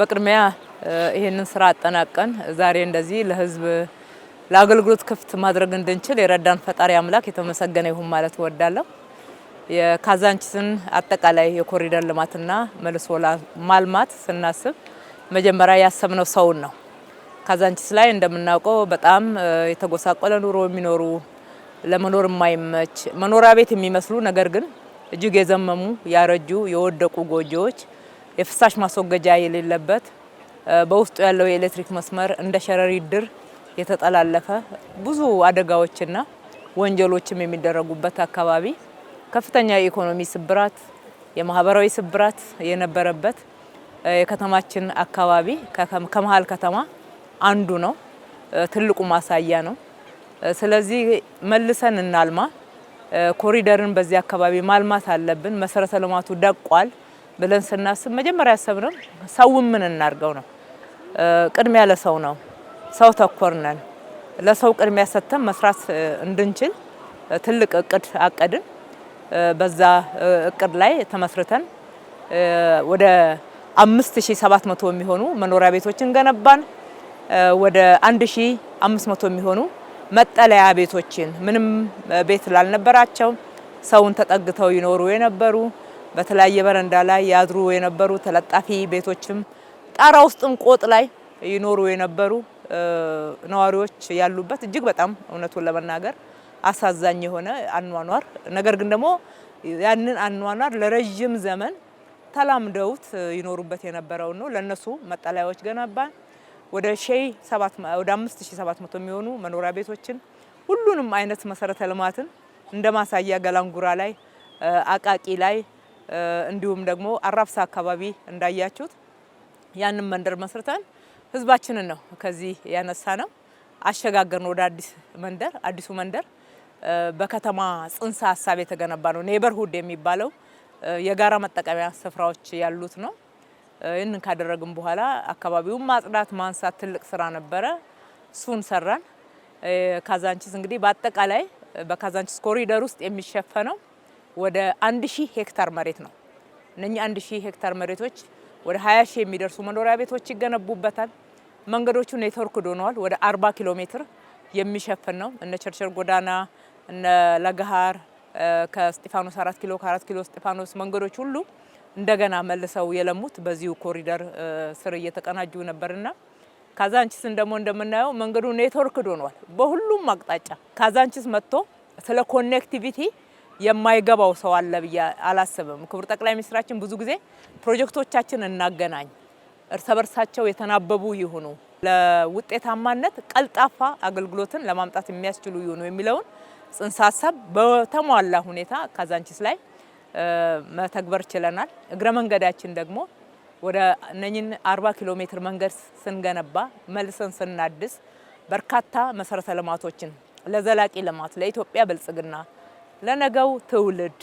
በቅድሚያ ይህንን ስራ አጠናቀን ዛሬ እንደዚህ ለህዝብ ለአገልግሎት ክፍት ማድረግ እንድንችል የረዳን ፈጣሪ አምላክ የተመሰገነ ይሁን ማለት እወዳለሁ። የካዛንቺስን አጠቃላይ የኮሪደር ልማትና መልሶ ማልማት ስናስብ መጀመሪያ ያሰብነው ሰውን ነው። ካዛንቺስ ላይ እንደምናውቀው በጣም የተጎሳቆለ ኑሮ የሚኖሩ ለመኖር የማይመች መኖሪያ ቤት የሚመስሉ ነገር ግን እጅግ የዘመሙ ያረጁ የወደቁ ጎጆዎች የፍሳሽ ማስወገጃ የሌለበት በውስጡ ያለው የኤሌክትሪክ መስመር እንደ ሸረሪ ድር የተጠላለፈ ብዙ አደጋዎችና ወንጀሎችም የሚደረጉበት አካባቢ ከፍተኛ የኢኮኖሚ ስብራት፣ የማህበራዊ ስብራት የነበረበት የከተማችን አካባቢ ከመሀል ከተማ አንዱ ነው። ትልቁ ማሳያ ነው። ስለዚህ መልሰን እናልማ። ኮሪደርን በዚህ አካባቢ ማልማት አለብን። መሰረተ ልማቱ ደቋል። ብለን ስናስብ መጀመሪያ ያሰብነው ሰውን ምን እናድርገው ነው። ቅድሚያ ለሰው ነው፣ ሰው ተኮር ነን። ለሰው ቅድሚያ ሰጥተን መስራት እንድንችል ትልቅ እቅድ አቀድን። በዛ እቅድ ላይ ተመስርተን ወደ 5700 የሚሆኑ መኖሪያ ቤቶችን ገነባን። ወደ 1500 የሚሆኑ መጠለያ ቤቶችን ምንም ቤት ላልነበራቸው ሰውን ተጠግተው ይኖሩ የነበሩ በተለያየ በረንዳ ላይ ያድሩ የነበሩ ተለጣፊ ቤቶችም ጣራ ውስጥም ቆጥ ላይ ይኖሩ የነበሩ ነዋሪዎች ያሉበት እጅግ በጣም እውነቱን ለመናገር አሳዛኝ የሆነ አኗኗር ነገር ግን ደግሞ ያንን አኗኗር ለረዥም ዘመን ተላምደውት ይኖሩበት የነበረውን ነው። ለነሱ መጠለያዎች ገነባን። ወደ መቶ የሚሆኑ መኖሪያ ቤቶችን ሁሉንም አይነት መሰረተ ልማትን እንደማሳያ ገላንጉራ ላይ አቃቂ ላይ እንዲሁም ደግሞ አራብሳ አካባቢ እንዳያችሁት ያንን መንደር መስርተን ህዝባችንን ነው ከዚህ ያነሳ ነው አሸጋገርን ወደ አዲስ መንደር። አዲሱ መንደር በከተማ ጽንሰ ሀሳብ የተገነባ ነው። ኔበርሁድ የሚባለው የጋራ መጠቀሚያ ስፍራዎች ያሉት ነው። ይህንን ካደረግን በኋላ አካባቢውን ማጽዳት፣ ማንሳት ትልቅ ስራ ነበረ። እሱን ሰራን። ካዛንችስ እንግዲህ በአጠቃላይ በካዛንችስ ኮሪደር ውስጥ የሚሸፈነው ወደ 1000 ሄክታር መሬት ነው። እነኚህ 1000 ሄክታር መሬቶች ወደ 20 ሺህ የሚደርሱ መኖሪያ ቤቶች ይገነቡበታል። መንገዶቹ ኔትወርክ ዶነዋል። ወደ 40 ኪሎ ሜትር የሚሸፍን ነው። እነ ቸርቸር ጎዳና እነ ለገሃር ከስጢፋኖስ 4 ኪሎ ከ4 ኪሎ ስጢፋኖስ መንገዶች ሁሉ እንደገና መልሰው የለሙት በዚሁ ኮሪደር ስር እየተቀናጁ ነበርና ካዛንቺስን ደግሞ እንደምናየው መንገዱ ኔትወርክ ዶኗል። በሁሉም አቅጣጫ ካዛንችስ መጥቶ ስለ ኮኔክቲቪቲ የማይገባው ሰው አለ ብዬ አላስብም። ክቡር ጠቅላይ ሚኒስትራችን ብዙ ጊዜ ፕሮጀክቶቻችን እናገናኝ፣ እርስ በርሳቸው የተናበቡ ይሁኑ፣ ለውጤታማነት ቀልጣፋ አገልግሎትን ለማምጣት የሚያስችሉ ይሁኑ የሚለውን ጽንሰ ሀሳብ በተሟላ ሁኔታ ካዛንቺስ ላይ መተግበር ችለናል። እግረ መንገዳችን ደግሞ ወደ እነኝን 40 ኪሎ ሜትር መንገድ ስንገነባ መልሰን ስናድስ በርካታ መሰረተ ልማቶችን ለዘላቂ ልማት ለኢትዮጵያ ብልጽግና ለነገው ትውልድ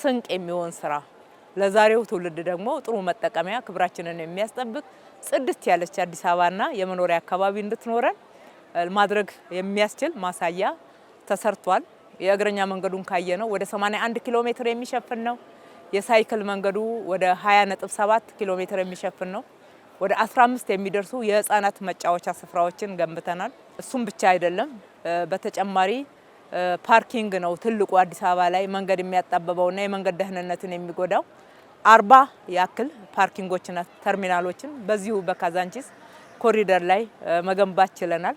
ስንቅ የሚሆን ስራ፣ ለዛሬው ትውልድ ደግሞ ጥሩ መጠቀሚያ፣ ክብራችንን የሚያስጠብቅ ጽድት ያለች አዲስ አበባና የመኖሪያ አካባቢ እንድትኖረን ማድረግ የሚያስችል ማሳያ ተሰርቷል። የእግረኛ መንገዱን ካየ ነው ወደ 81 ኪሎ ሜትር የሚሸፍን ነው። የሳይክል መንገዱ ወደ 20.7 ኪሎ ሜትር የሚሸፍን ነው። ወደ 15 የሚደርሱ የህፃናት መጫወቻ ስፍራዎችን ገንብተናል። እሱም ብቻ አይደለም በተጨማሪ ፓርኪንግ ነው ትልቁ አዲስ አበባ ላይ መንገድ የሚያጣበበውና የመንገድ ደህንነትን የሚጎዳው። አርባ ያክል ፓርኪንጎችና ተርሚናሎችን በዚሁ በካዛንቺስ ኮሪደር ላይ መገንባት ችለናል።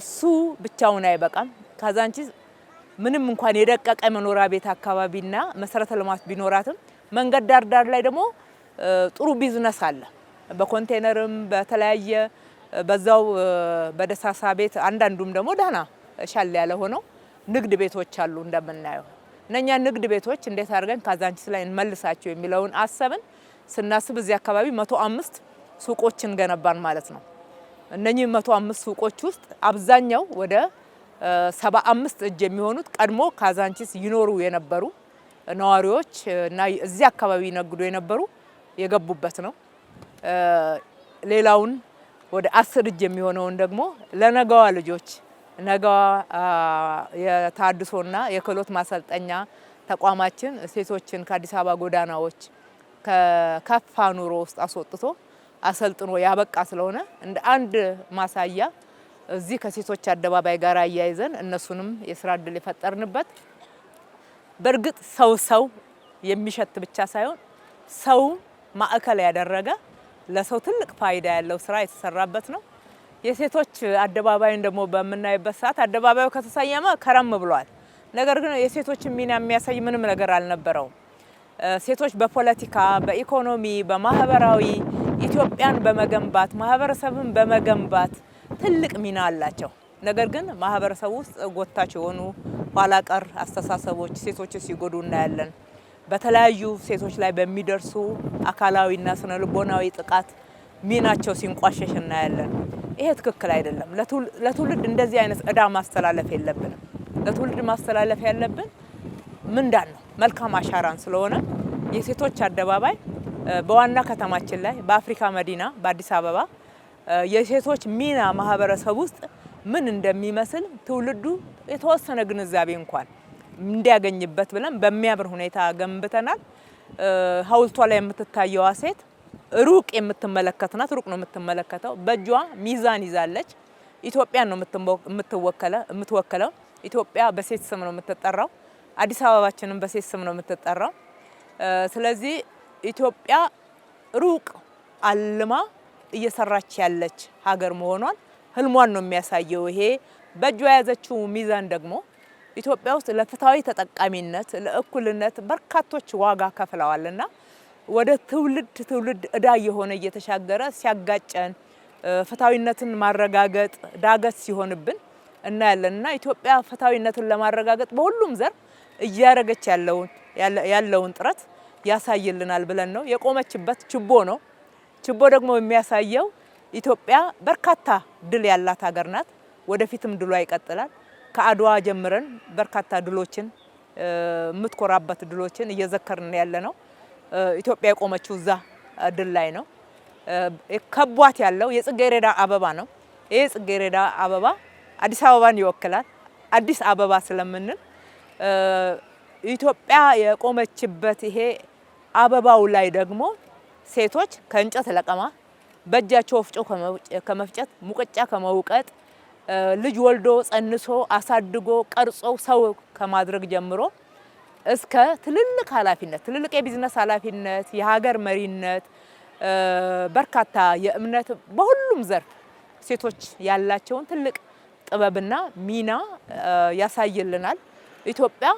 እሱ ብቻውን አይበቃም። ካዛንቺስ ምንም እንኳን የደቀቀ መኖሪያ ቤት አካባቢና መሰረተ ልማት ቢኖራትም መንገድ ዳር ዳር ላይ ደግሞ ጥሩ ቢዝነስ አለ። በኮንቴነርም በተለያየ በዛው በደሳሳ ቤት አንዳንዱም ደግሞ ደህና ሻል ያለ ሆነው ንግድ ቤቶች አሉ እንደምናየው። እነኛ ንግድ ቤቶች እንዴት አድርገን ካዛንቺስ ላይ እንመልሳቸው የሚለውን አሰብን። ስናስብ እዚህ አካባቢ መቶ አምስት ሱቆችን ገነባን ማለት ነው። እነኚህ መቶ አምስት ሱቆች ውስጥ አብዛኛው ወደ ሰባ አምስት እጅ የሚሆኑት ቀድሞ ካዛንቺስ ይኖሩ የነበሩ ነዋሪዎች እና እዚህ አካባቢ ይነግዱ የነበሩ የገቡበት ነው። ሌላውን ወደ አስር እጅ የሚሆነውን ደግሞ ለነገዋ ልጆች ነገዋ የታድሶና የክህሎት ማሰልጠኛ ተቋማችን ሴቶችን ከአዲስ አበባ ጎዳናዎች ከከፋ ኑሮ ውስጥ አስወጥቶ አሰልጥኖ ያበቃ ስለሆነ እንደ አንድ ማሳያ እዚህ ከሴቶች አደባባይ ጋር አያይዘን እነሱንም የስራ እድል የፈጠርንበት በእርግጥ ሰው ሰው የሚሸት ብቻ ሳይሆን ሰው ማዕከል ያደረገ ለሰው ትልቅ ፋይዳ ያለው ስራ የተሰራበት ነው። የሴቶች አደባባይን ደግሞ በምናይበት ሰዓት አደባባዩ ከተሰየመ ከረም ብሏል። ነገር ግን የሴቶችን ሚና የሚያሳይ ምንም ነገር አልነበረውም። ሴቶች በፖለቲካ፣ በኢኮኖሚ፣ በማህበራዊ ኢትዮጵያን በመገንባት ማህበረሰብን በመገንባት ትልቅ ሚና አላቸው። ነገር ግን ማህበረሰብ ውስጥ ጎታች የሆኑ ኋላቀር አስተሳሰቦች ሴቶች ሲጎዱ እናያለን። በተለያዩ ሴቶች ላይ በሚደርሱ አካላዊና ስነ ልቦናዊ ጥቃት ሚናቸው ሲንቋሸሽ እናያለን። ይሄ ትክክል አይደለም። ለትውልድ እንደዚህ አይነት እዳ ማስተላለፍ የለብንም። ለትውልድ ማስተላለፍ ያለብን ምንዳን ነው፣ መልካም አሻራን ስለሆነ የሴቶች አደባባይ በዋና ከተማችን ላይ በአፍሪካ መዲና በአዲስ አበባ የሴቶች ሚና ማህበረሰብ ውስጥ ምን እንደሚመስል ትውልዱ የተወሰነ ግንዛቤ እንኳን እንዲያገኝበት ብለን በሚያምር ሁኔታ ገንብተናል። ሐውልቷ ላይ የምትታየዋ ሴት ሩቅ የምትመለከት ናት። ሩቅ ነው የምትመለከተው። በእጇ ሚዛን ይዛለች። ኢትዮጵያን ነው የምትወክለው። ኢትዮጵያ በሴት ስም ነው የምትጠራው። አዲስ አበባችንም በሴት ስም ነው የምትጠራው። ስለዚህ ኢትዮጵያ ሩቅ አልማ እየሰራች ያለች ሀገር መሆኗን ህልሟን ነው የሚያሳየው። ይሄ በእጇ የያዘችው ሚዛን ደግሞ ኢትዮጵያ ውስጥ ለፍትሃዊ ተጠቃሚነት፣ ለእኩልነት በርካቶች ዋጋ ከፍለዋልና ወደ ትውልድ ትውልድ እዳ የሆነ እየተሻገረ ሲያጋጨን ፍትሐዊነትን ማረጋገጥ ዳገት ሲሆንብን እናያለን እና ኢትዮጵያ ፍትሐዊነትን ለማረጋገጥ በሁሉም ዘር እያረገች ያለውን ጥረት ያሳይልናል ብለን ነው የቆመችበት። ችቦ ነው። ችቦ ደግሞ የሚያሳየው ኢትዮጵያ በርካታ ድል ያላት ሀገር ናት። ወደፊትም ድሏ ይቀጥላል። ከአድዋ ጀምረን በርካታ ድሎችን የምትኮራበት ድሎችን እየዘከርን ያለ ነው። ኢትዮጵያ የቆመችው እዛ ድል ላይ ነው። ከቧት ያለው የጽጌረዳ አበባ ነው። ይህ ጽጌረዳ አበባ አዲስ አበባን ይወክላል። አዲስ አበባ ስለምንል ኢትዮጵያ የቆመችበት ይሄ አበባው ላይ ደግሞ ሴቶች ከእንጨት ለቀማ በእጃቸው ወፍጮ ከመፍጨት ሙቀጫ ከመውቀጥ ልጅ ወልዶ ጸንሶ አሳድጎ ቀርጾ ሰው ከማድረግ ጀምሮ እስከ ትልልቅ ኃላፊነት ትልልቅ የቢዝነስ ኃላፊነት፣ የሀገር መሪነት፣ በርካታ የእምነት በሁሉም ዘርፍ ሴቶች ያላቸውን ትልቅ ጥበብና ሚና ያሳይልናል። ኢትዮጵያ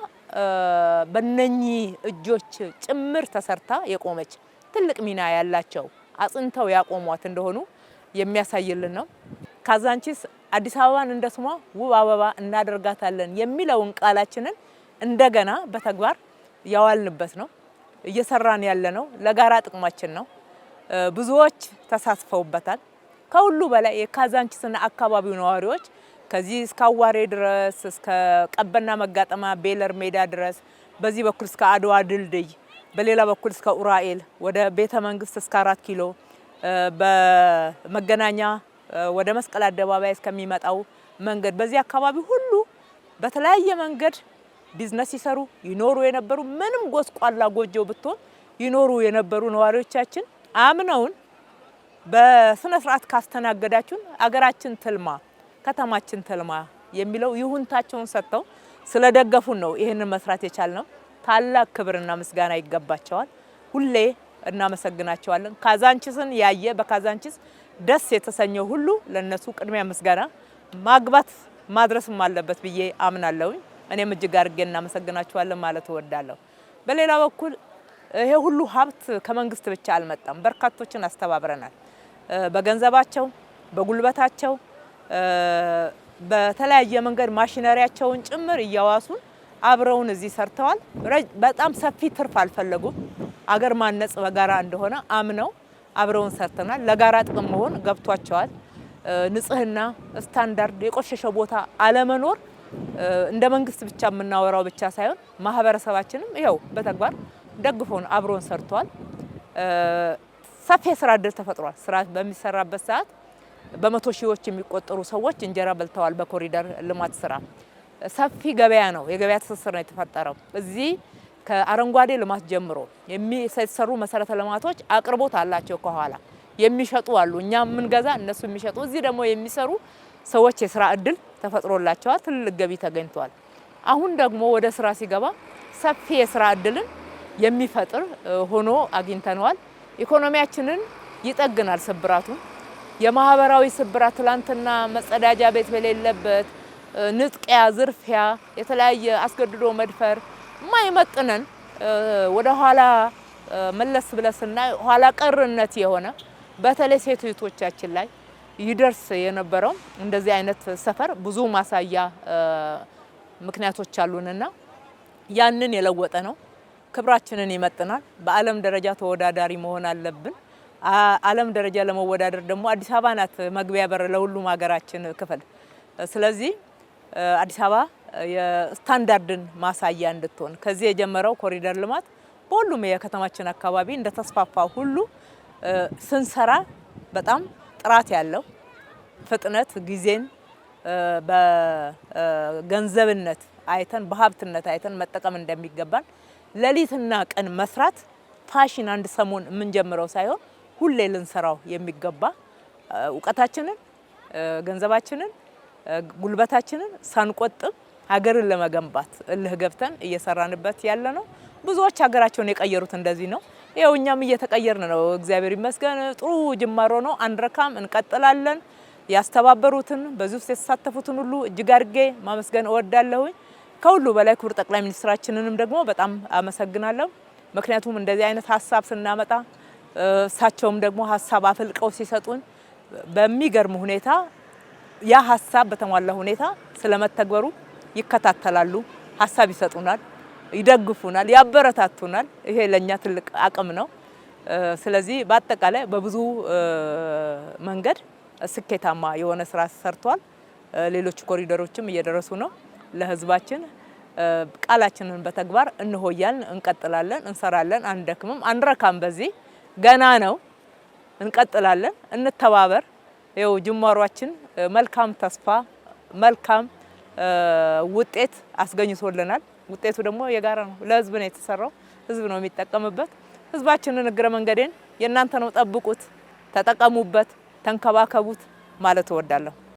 በነኚህ እጆች ጭምር ተሰርታ የቆመች ትልቅ ሚና ያላቸው አጽንተው ያቆሟት እንደሆኑ የሚያሳይልን ነው። ካዛንቺስ አዲስ አበባን እንደ ስሟ ውብ አበባ እናደርጋታለን የሚለውን ቃላችንን እንደገና በተግባር ያዋልንበት ነው፣ እየሰራን ያለ ነው፣ ለጋራ ጥቅማችን ነው። ብዙዎች ተሳትፈውበታል። ከሁሉ በላይ የካዛንችስና አካባቢው ነዋሪዎች ከዚህ እስከ አዋሬ ድረስ እስከ ቀበና መጋጠማ ቤለር ሜዳ ድረስ በዚህ በኩል እስከ አድዋ ድልድይ በሌላ በኩል እስከ ኡራኤል ወደ ቤተ መንግስት እስከ አራት ኪሎ በመገናኛ ወደ መስቀል አደባባይ እስከሚመጣው መንገድ በዚህ አካባቢ ሁሉ በተለያየ መንገድ ቢዝነስ ይሰሩ ይኖሩ የነበሩ ምንም ጎስቋላ ጎጆ ብትሆን ይኖሩ የነበሩ ነዋሪዎቻችን አምነውን በስነ ስርዓት ካስተናገዳችሁን አገራችን ትልማ፣ ከተማችን ትልማ የሚለው ይሁንታቸውን ሰጥተው ስለደገፉን ነው ይህንን መስራት የቻልነው። ታላቅ ክብርና ምስጋና ይገባቸዋል። ሁሌ እናመሰግናቸዋለን። ካዛንችስን ያየ በካዛንችስ ደስ የተሰኘው ሁሉ ለነሱ ቅድሚያ ምስጋና ማግባት ማድረስም አለበት ብዬ አምናለሁኝ። እኔም እጅግ አድርጌ እናመሰግናችኋለን ማለት እወዳለሁ። በሌላ በኩል ይሄ ሁሉ ሀብት ከመንግስት ብቻ አልመጣም። በርካቶችን አስተባብረናል። በገንዘባቸው፣ በጉልበታቸው፣ በተለያየ መንገድ ማሽነሪያቸውን ጭምር እያዋሱን አብረውን እዚህ ሰርተዋል። በጣም ሰፊ ትርፍ አልፈለጉም። አገር ማነጽ በጋራ እንደሆነ አምነው አብረውን ሰርተናል። ለጋራ ጥቅም መሆን ገብቷቸዋል። ንጽህና፣ ስታንዳርድ፣ የቆሸሸ ቦታ አለመኖር እንደ መንግስት ብቻ የምናወራው ብቻ ሳይሆን ማህበረሰባችንም ይኸው በተግባር ደግፎን አብሮን ሰርቷል። ሰፊ የስራ እድል ተፈጥሯል። ስራ በሚሰራበት ሰዓት በመቶ ሺዎች የሚቆጠሩ ሰዎች እንጀራ በልተዋል። በኮሪደር ልማት ስራ ሰፊ ገበያ ነው፣ የገበያ ትስስር ነው የተፈጠረው። እዚህ ከአረንጓዴ ልማት ጀምሮ የሚሰሩ መሰረተ ልማቶች አቅርቦት አላቸው። ከኋላ የሚሸጡ አሉ፣ እኛ የምንገዛ እነሱ የሚሸጡ እዚህ ደግሞ የሚሰሩ ሰዎች የስራ እድል ተፈጥሮላቸዋል፣ ትልቅ ገቢ ተገኝተዋል። አሁን ደግሞ ወደ ስራ ሲገባ ሰፊ የስራ እድልን የሚፈጥር ሆኖ አግኝተነዋል። ኢኮኖሚያችንን ይጠግናል። ስብራቱ የማህበራዊ ስብራት ትላንትና መጸዳጃ ቤት በሌለበት ንጥቂያ፣ ዝርፊያ፣ የተለያየ አስገድዶ መድፈር ማይመጥነን ወደ ኋላ መለስ ብለስና ኋላ ቀርነት የሆነ በተለይ ሴት ላይ ይደርስ የነበረው እንደዚህ አይነት ሰፈር ብዙ ማሳያ ምክንያቶች አሉንና ያንን የለወጠ ነው። ክብራችንን ይመጥናል። በዓለም ደረጃ ተወዳዳሪ መሆን አለብን። ዓለም ደረጃ ለመወዳደር ደግሞ አዲስ አበባ ናት መግቢያ በር ለሁሉም ሀገራችን ክፍል። ስለዚህ አዲስ አበባ የስታንዳርድን ማሳያ እንድትሆን ከዚህ የጀመረው ኮሪደር ልማት በሁሉም የከተማችን አካባቢ እንደተስፋፋ ሁሉ ስንሰራ በጣም ጥራት ያለው ፍጥነት ጊዜን በገንዘብነት አይተን በሀብትነት አይተን መጠቀም እንደሚገባን ሌሊትና ቀን መስራት ፋሽን አንድ ሰሞን የምንጀምረው ሳይሆን ሁሌ ልንሰራው የሚገባ እውቀታችንን፣ ገንዘባችንን፣ ጉልበታችንን ሳንቆጥብ ሀገርን ለመገንባት እልህ ገብተን እየሰራንበት ያለ ነው። ብዙዎች ሀገራቸውን የቀየሩት እንደዚህ ነው። ይኸው እኛም እየተቀየርን ነው። እግዚአብሔር ይመስገን። ጥሩ ጅማሮ ነው። አንረካም፣ እንቀጥላለን። ያስተባበሩትን በዚህ ውስጥ የተሳተፉትን ሁሉ እጅግ አድርጌ ማመስገን እወዳለሁኝ። ከሁሉ በላይ ክቡር ጠቅላይ ሚኒስትራችንንም ደግሞ በጣም አመሰግናለሁ። ምክንያቱም እንደዚህ አይነት ሀሳብ ስናመጣ እሳቸውም ደግሞ ሀሳብ አፍልቀው ሲሰጡን በሚገርም ሁኔታ ያ ሀሳብ በተሟላ ሁኔታ ስለመተግበሩ ይከታተላሉ፣ ሀሳብ ይሰጡናል። ይደግፉናል፣ ያበረታቱናል። ይሄ ለእኛ ትልቅ አቅም ነው። ስለዚህ በአጠቃላይ በብዙ መንገድ ስኬታማ የሆነ ስራ ሰርቷል። ሌሎች ኮሪደሮችም እየደረሱ ነው። ለህዝባችን ቃላችንን በተግባር እንሆያልን፣ እንቀጥላለን፣ እንሰራለን፣ አንደክምም፣ አንረካም። በዚህ ገና ነው፣ እንቀጥላለን፣ እንተባበር። ይኸው ጅማሯችን መልካም ተስፋ መልካም ውጤት አስገኝቶልናል። ውጤቱ ደግሞ የጋራ ነው። ለህዝብ ነው የተሰራው። ህዝብ ነው የሚጠቀምበት። ህዝባችንን እግረ መንገዴን የእናንተ ነው፣ ጠብቁት፣ ተጠቀሙበት፣ ተንከባከቡት ማለት እወዳለሁ።